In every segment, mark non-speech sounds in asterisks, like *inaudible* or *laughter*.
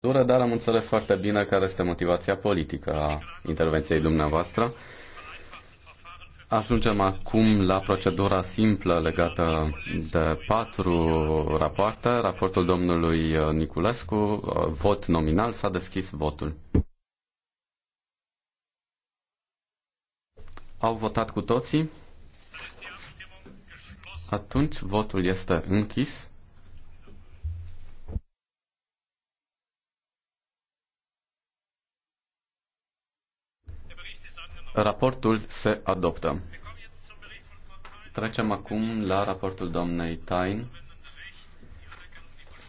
dură, dar am înțeles foarte bine care este motivația politică a intervenției dumneavoastră. Ajungem acum la procedura simplă legată de patru rapoarte. Raportul domnului Niculescu, vot nominal, s-a deschis votul. Au votat cu toții? Atunci votul este închis. Raportul se adoptă. Trecem acum la raportul domnei Tain.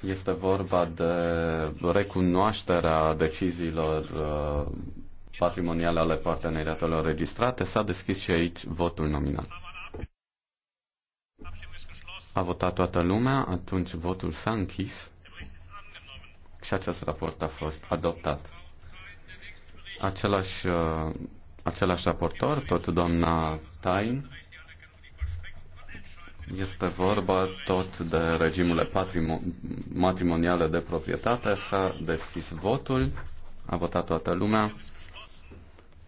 Este vorba de recunoașterea deciziilor uh, patrimoniale ale parteneriatelor registrate. S-a deschis și aici votul nominal. A votat toată lumea, atunci votul s-a închis și acest raport a fost adoptat. Același uh, același raportor, tot doamna Tain. Este vorba tot de regimurile matrimoniale de proprietate. S-a deschis votul, a votat toată lumea,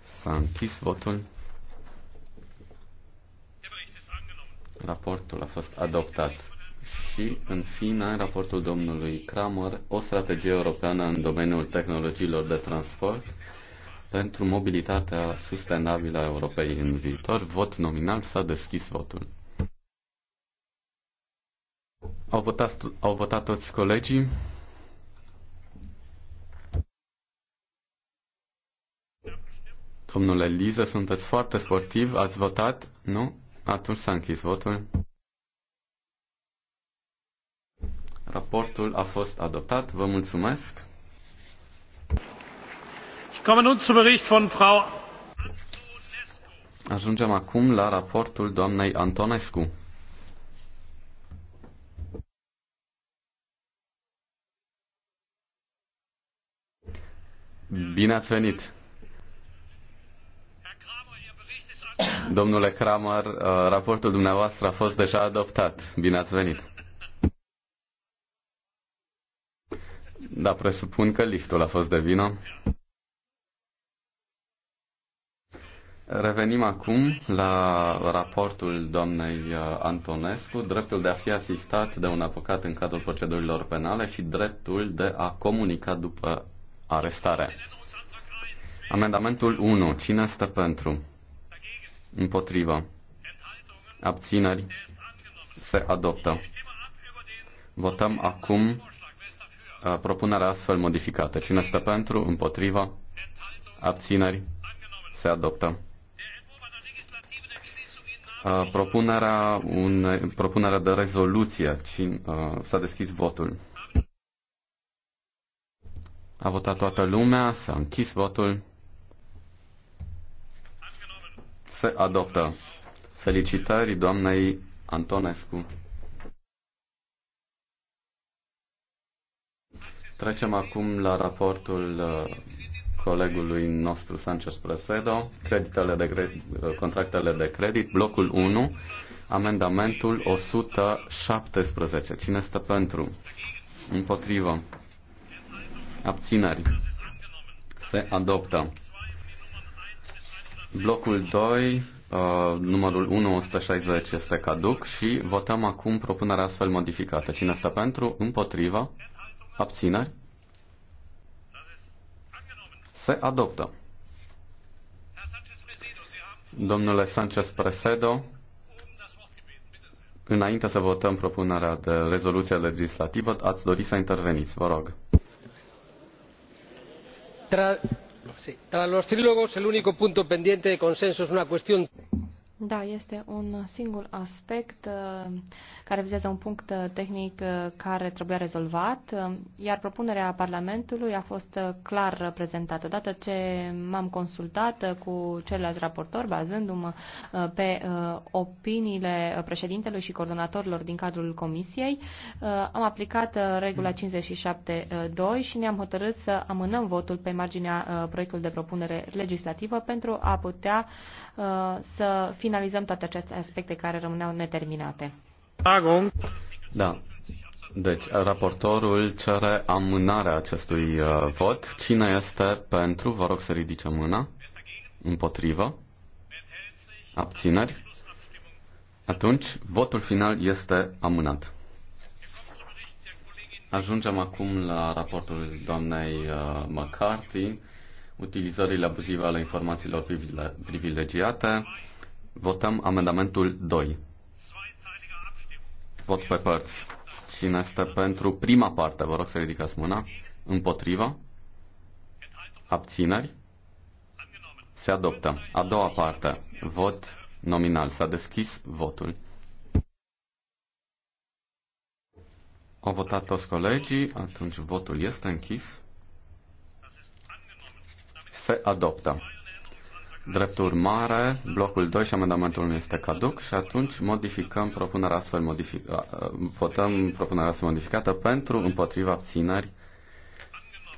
s-a închis votul. Raportul a fost adoptat. Și, în fine, raportul domnului Kramer, o strategie europeană în domeniul tehnologiilor de transport pentru mobilitatea sustenabilă a Europei în viitor. Vot nominal s-a deschis votul. Au votat, au votat toți colegii. Domnule Liză, sunteți foarte sportiv, ați votat, nu? Atunci s-a închis votul. Raportul a fost adoptat, vă mulțumesc. Ajungem acum la raportul doamnei Antonescu. Bine ați venit! Domnule Kramer, uh, raportul dumneavoastră a fost deja adoptat. Bine ați venit! Da, presupun că liftul a fost de vină. Revenim acum la raportul doamnei uh, Antonescu, dreptul de a fi asistat de un avocat în cadrul procedurilor penale și dreptul de a comunica după arestare. Amendamentul 1. Cine stă pentru? Împotrivă. Abțineri. Se adoptă. Votăm acum uh, propunerea astfel modificată. Cine stă pentru? Împotrivă. Abțineri. Se adoptă. Uh, propunerea, une, propunerea de rezoluție. Uh, s-a deschis votul. A votat toată lumea, s-a închis votul. Se adoptă. Felicitări doamnei Antonescu. Trecem acum la raportul uh, colegului nostru Sanchez Presedo, creditele de cre- contractele de credit, blocul 1, amendamentul 117. Cine stă pentru? Împotrivă. Abțineri. Se adoptă. Blocul 2, uh, numărul 1, 160 este caduc și votăm acum propunerea astfel modificată. Cine stă pentru? Împotrivă. Abțineri. Se adoptă. Domnule Sanchez Presedo, înainte să votăm propunerea de rezoluție legislativă, ați dori să interveniți. Vă rog. Tra... Sí. Tras los trílogos, el único punto pendiente de consenso es una cuestión. Da, este un singur aspect uh, care vizează un punct uh, tehnic uh, care trebuia rezolvat, iar propunerea Parlamentului a fost clar prezentată. Odată ce m-am consultat cu ceilalți raportori, bazându-mă pe opiniile președintelui și coordonatorilor din cadrul Comisiei, am aplicat regula 57.2 și ne-am hotărât să amânăm votul pe marginea proiectului de propunere legislativă pentru a putea să finalizăm finalizăm toate aceste aspecte care rămâneau neterminate. Da. Deci, raportorul cere amânarea acestui uh, vot. Cine este pentru? Vă rog să ridice mâna. Împotrivă. Abțineri. Atunci, votul final este amânat. Ajungem acum la raportul doamnei uh, McCarthy, utilizările abuzive ale informațiilor privilegiate. Votăm amendamentul 2. Vot pe părți. Cine este pentru prima parte? Vă rog să ridicați mâna. Împotriva? Abțineri? Se adoptă. A doua parte. Vot nominal. S-a deschis votul. Au votat toți colegii, atunci votul este închis. Se adoptă. Drept urmare, blocul 2 și amendamentul 1 este caduc și atunci modificăm propunerea astfel modificată, votăm propunerea astfel modificată pentru împotriva abțineri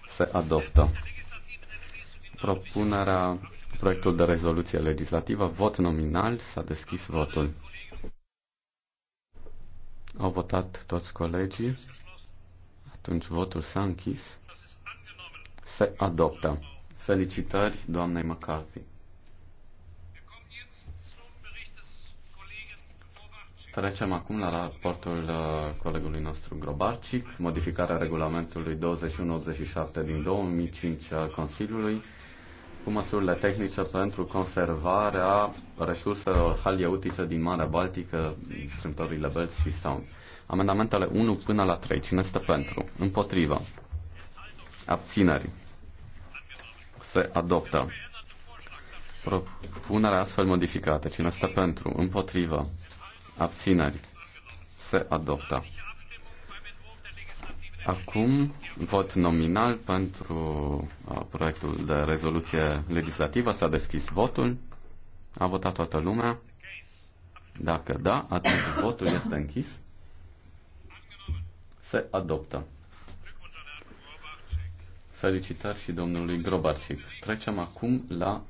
se adoptă. Propunerea, proiectul de rezoluție legislativă, vot nominal, s-a deschis votul. Au votat toți colegii. Atunci votul s-a închis. Se adoptă. Felicitări doamnei McCarthy. Trecem acum la raportul uh, colegului nostru Grobarcic, modificarea regulamentului 2187 din 2005 al Consiliului cu măsurile tehnice pentru conservarea resurselor halieutice din Marea Baltică, strâmtorile Belți și Sound. Amendamentele 1 până la 3. Cine este pentru? Împotrivă. Abțineri. Se adoptă. Propunerea astfel modificată. Cine este pentru? Împotrivă abțineri, se adoptă. Acum, vot nominal pentru uh, proiectul de rezoluție legislativă. S-a deschis votul. A votat toată lumea. Dacă da, atunci votul este închis. Se adoptă. Felicitări și domnului Grobarcic. Trecem acum la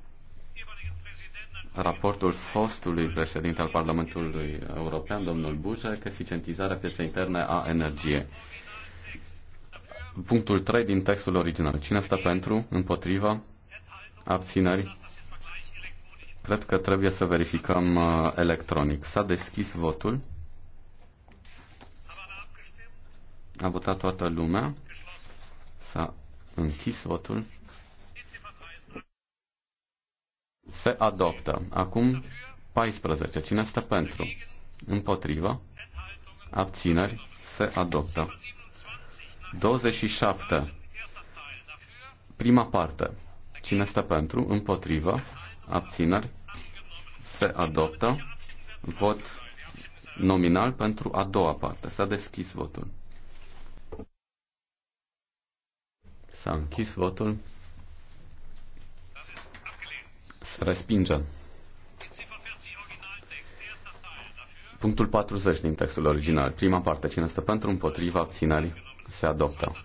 raportul fostului președinte al Parlamentului European, domnul Buzek, eficientizarea pieței interne a energiei. Punctul 3 din textul original. Cine stă pentru, împotriva, abțineri? Cred că trebuie să verificăm uh, electronic. S-a deschis votul. A votat toată lumea. S-a închis votul. Se adoptă. Acum 14. Cine este pentru? Împotrivă. Abțineri. Se adoptă. 27. Prima parte. Cine este pentru? Împotrivă. Abțineri. Se adoptă. Vot nominal pentru a doua parte. S-a deschis votul. S-a închis votul se respinge. Punctul 40 din textul original. Prima parte, cine stă pentru, împotriva, abțineri, se adoptă.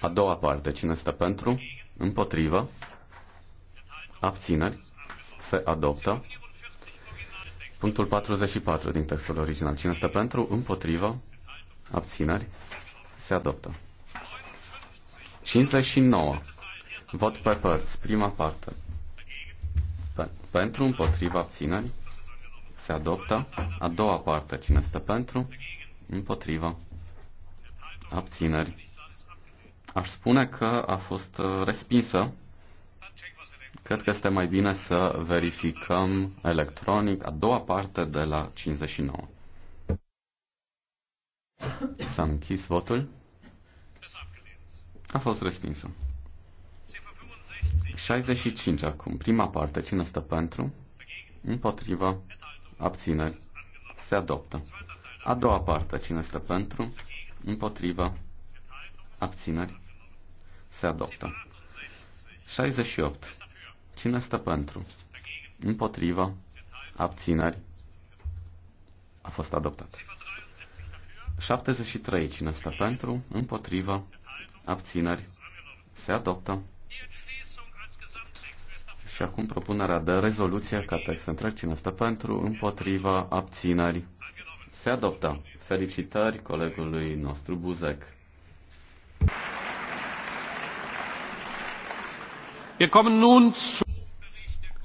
A doua parte, cine stă pentru, împotriva, abțineri, se adoptă. Punctul 44 din textul original. Cine stă pentru, împotriva, abțineri, se adoptă. 59. Vot pe părți. Prima parte pentru, împotriva, abțineri. Se adoptă. A doua parte, cine este pentru, împotriva, abținerii. Aș spune că a fost uh, respinsă. Cred că este mai bine să verificăm electronic a doua parte de la 59. S-a închis votul. A fost respinsă. 65 acum. Prima parte. Cine stă pentru? Împotriva. Abțineri. Se adoptă. A doua parte. Cine stă pentru? Împotriva. Abțineri. Se adoptă. 68. Cine stă pentru? Împotriva. Abțineri. A fost adoptat. 73. Cine stă pentru? Împotriva. Abțineri. Se adoptă. Și acum propunerea de rezoluție ca text întreg. Cine stă pentru? Împotriva abțineri. Se adoptă. Felicitări colegului nostru Buzek.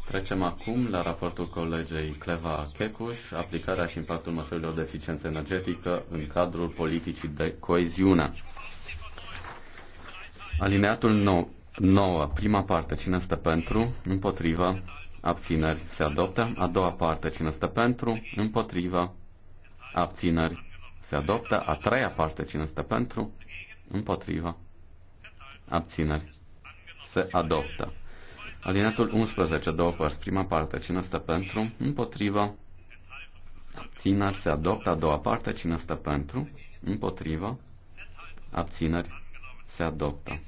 Trecem acum la raportul colegei Cleva Checuș, aplicarea și impactul măsurilor de eficiență energetică în cadrul politicii de coeziune. Alineatul 9. 9. Prima parte, cine stă pentru, împotriva, abțineri, se adoptă. A doua parte, cine stă pentru, împotriva, abțineri, se adoptă. A treia parte, cine stă pentru, împotriva, abțineri, se adoptă. Alinatul 11, două părți. Prima parte, cine stă pentru, împotriva, abțineri, se adoptă. A doua parte, cine stă pentru, împotriva, abțineri, se adoptă.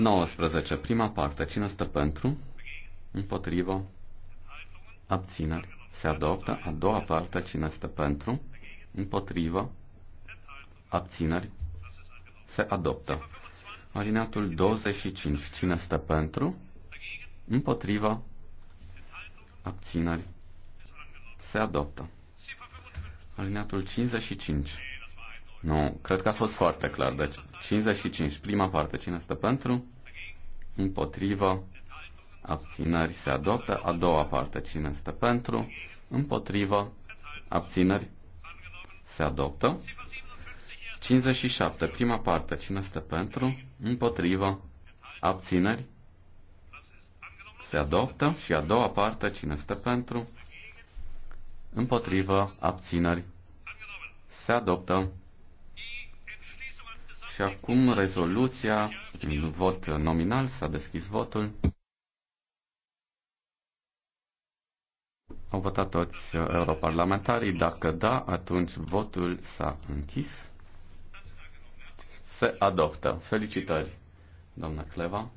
19. Prima parte. Cine stă pentru? Împotrivă. Abțineri. Se adoptă. A doua parte. Cine stă pentru? Împotrivă. Abțineri. Se adoptă. Alineatul 25. Cine stă pentru? Împotrivă. Abțineri. Se adoptă. Alineatul 55. Nu, cred că a fost foarte clar. Deci 55, prima parte, cine stă pentru? Împotrivă. Abținări se adoptă. A doua parte, cine stă pentru? Împotrivă. Abținări se adoptă. 57, prima parte, cine stă pentru? Împotrivă. Abțineri se adoptă. Și a doua parte, cine stă pentru? Împotrivă. Abținări se adoptă. Și acum rezoluția prin vot nominal s-a deschis votul. Au votat toți europarlamentarii. Dacă da, atunci votul s-a închis. Se adoptă. Felicitări, doamna Cleva.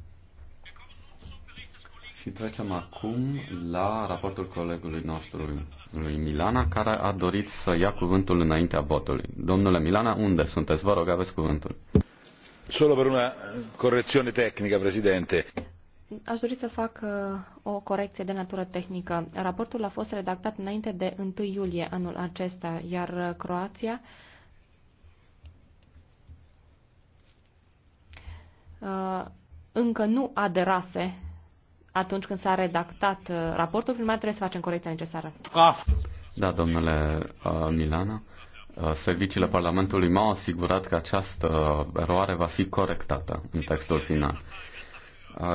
Și trecem acum la raportul colegului nostru, lui Milana, care a dorit să ia cuvântul înaintea votului. Domnule Milana, unde sunteți? Vă rog, aveți cuvântul. Solo per una correzione tecnica, Presidente. Aș dori să fac uh, o corecție de natură tehnică. Raportul a fost redactat înainte de 1 iulie anul acesta, iar uh, Croația uh, încă nu aderase atunci când s-a redactat uh, raportul primar, trebuie să facem corecția necesară. Ah. Da, domnule uh, Milana. Uh, serviciile Parlamentului m-au asigurat că această eroare va fi corectată în textul final.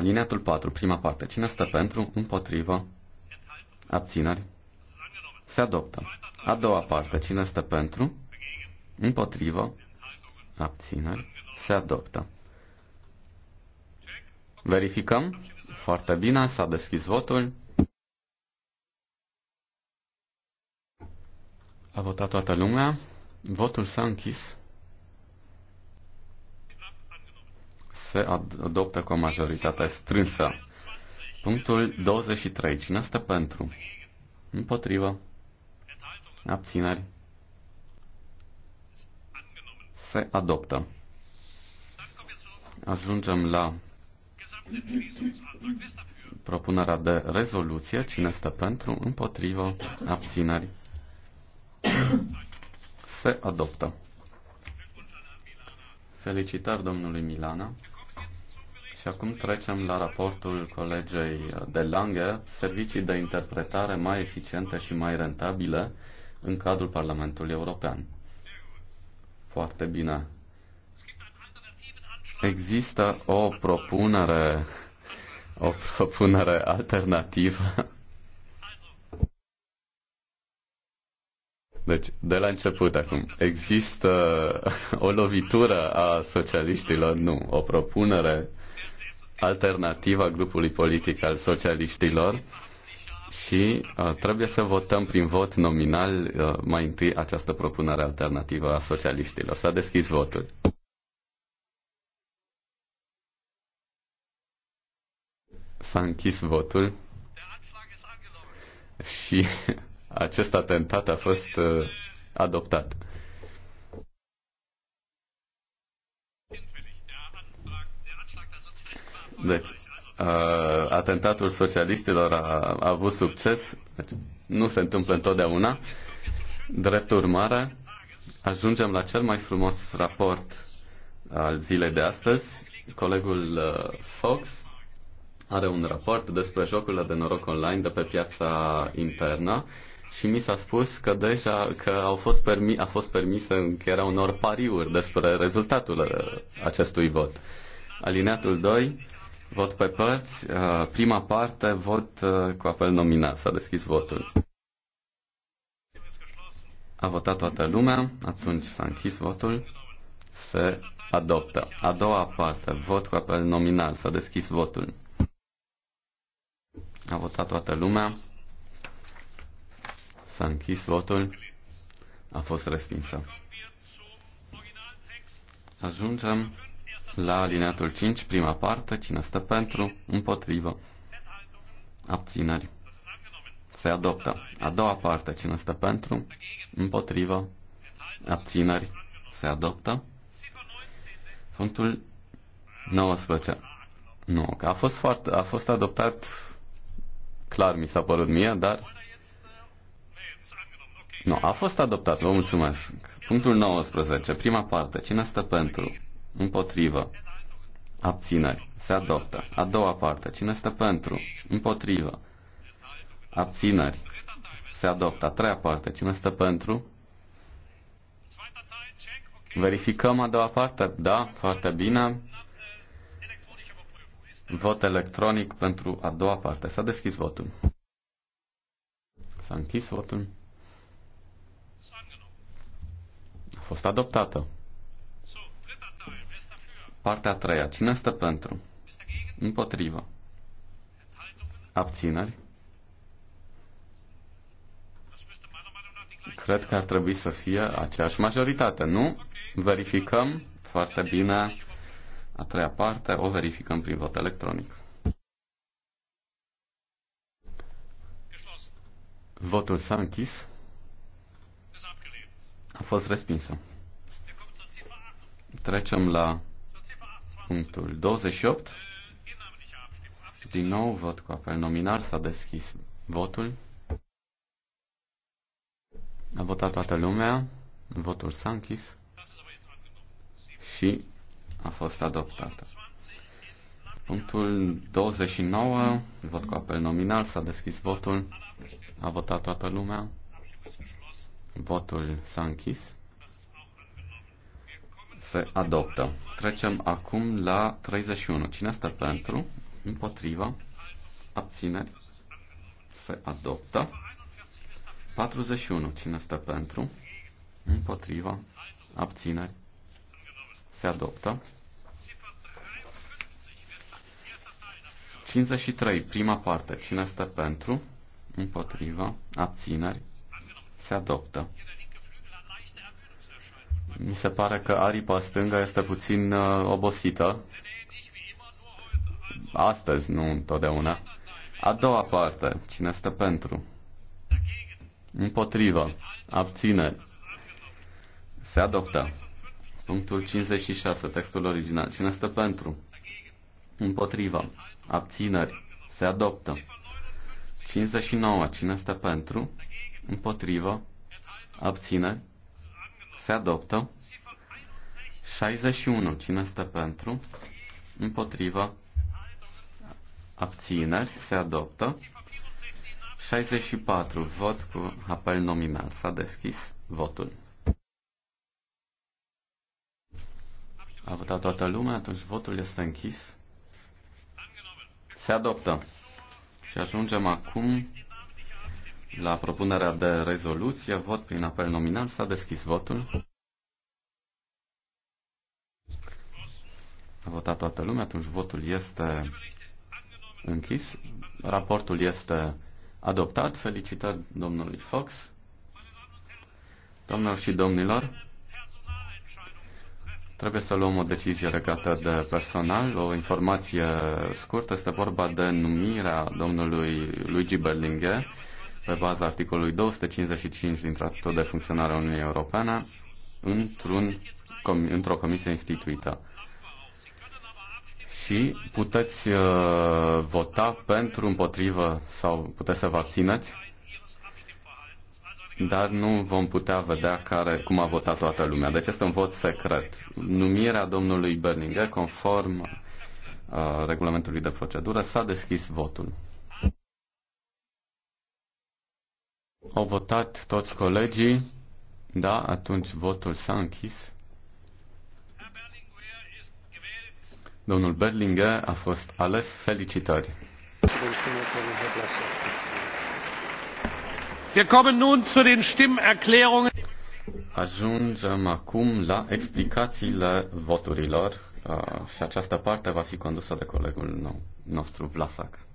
Lineatul 4, prima parte. Cine stă pentru? Împotrivă? Abțineri? Se adoptă. A doua parte. Cine stă pentru? Împotrivă? Abțineri? Se adoptă. Verificăm? Foarte bine, s-a deschis votul. A votat toată lumea. Votul s-a închis. Se adoptă cu o majoritate strânsă. Punctul 23. Cine stă pentru? Împotrivă. Abțineri. Se adoptă. Ajungem la Propunerea de rezoluție, cine este pentru, împotrivă, abțineri, se adoptă. Felicitări domnului Milana. Și acum trecem la raportul colegei de Lange, servicii de interpretare mai eficiente și mai rentabile în cadrul Parlamentului European. Foarte bine. Există o propunere, o propunere alternativă. Deci, de la început acum, există o lovitură a socialiștilor? Nu. O propunere alternativă a grupului politic al socialiștilor și uh, trebuie să votăm prin vot nominal uh, mai întâi această propunere alternativă a socialiștilor. S-a deschis votul. S-a închis votul și *laughs* acest atentat a fost uh, adoptat. Deci, uh, atentatul socialiștilor a, a avut succes, deci nu se întâmplă întotdeauna. Drept urmare, ajungem la cel mai frumos raport al zilei de astăzi. Colegul uh, Fox are un raport despre jocurile de noroc online de pe piața internă și mi s-a spus că deja că au fost permi- a fost permisă încheierea unor pariuri despre rezultatul uh, acestui vot. Alineatul 2, vot pe părți, uh, prima parte, vot uh, cu apel nominal. S-a deschis votul. A votat toată lumea, atunci s-a închis votul, se adoptă. A doua parte, vot cu apel nominal, s-a deschis votul. A votat toată lumea. S-a închis votul. A fost respinsă. Ajungem la alineatul 5, prima parte. Cine stă pentru? Împotrivă. Abțineri. Se adoptă. A doua parte. Cine stă pentru? Împotrivă. Abțineri. Se adoptă. Punctul 19. Nu, că a fost, foarte, a fost adoptat clar mi s-a părut mie, dar... Nu, a fost adoptat, vă mulțumesc. Punctul 19, prima parte. Cine stă pentru? Împotrivă. Abțineri. Se adoptă. A doua parte. Cine stă pentru? Împotrivă. Abțineri. Se adoptă. A treia parte. Cine stă pentru? Verificăm a doua parte. Da, foarte bine. Vot electronic pentru a doua parte. S-a deschis votul. S-a închis votul. A fost adoptată. Partea a treia. Cine stă pentru? Împotrivă. Abțineri. Cred că ar trebui să fie aceeași majoritate, nu? Verificăm foarte bine a treia parte o verificăm prin vot electronic. Votul s-a închis. A fost respinsă. Trecem la punctul 28. Din nou vot cu apel nominal. S-a deschis votul. A votat toată lumea. Votul s-a închis. Și a fost adoptată. Punctul 29, vot cu apel nominal, s-a deschis votul, a votat toată lumea, votul s-a închis, se adoptă. Trecem acum la 31. Cine este pentru? Împotriva? Abțineri? Se adoptă. 41. Cine este pentru? Împotriva? Abțineri? Se adoptă. 53. Prima parte. Cine este pentru? Împotriva. Abțineri. Se adoptă. Mi se pare că aripa stângă este puțin uh, obosită. Astăzi, nu întotdeauna. A doua parte. Cine stă pentru? Împotrivă. Abțineri. Se adoptă. Punctul 56, textul original. Cine stă pentru? Împotriva. Abțineri. Se adoptă. 59. Cine stă pentru? Împotrivă. Abțineri. Se adoptă. 61. Cine stă pentru? Împotrivă. Abțineri. Se adoptă. 64. Vot cu apel nominal. S-a deschis votul. A votat toată lumea, atunci votul este închis. Se adoptă. Și ajungem acum la propunerea de rezoluție. Vot prin apel nominal. S-a deschis votul. A votat toată lumea, atunci votul este închis. Raportul este adoptat. Felicitări domnului Fox. Domnilor și domnilor, Trebuie să luăm o decizie legată de personal. O informație scurtă este vorba de numirea domnului Luigi Berlinghe pe baza articolului 255 din Tratatul de Funcționare a Uniunii Europene într-un, într-o comisie instituită. Și puteți uh, vota pentru, împotrivă sau puteți să vă abțineți dar nu vom putea vedea care, cum a votat toată lumea. Deci este un vot secret. Numirea domnului Berninger, conform uh, regulamentului de procedură, s-a deschis votul. Au votat toți colegii. Da, atunci votul s-a închis. Domnul Berlinger a fost ales felicitări. Mulțumesc, Wir kommen nun zu den Stimmerklärungen. Ajungem acum la explicațiile voturilor uh, și această parte va fi condusă de colegul nou, nostru Vlasac.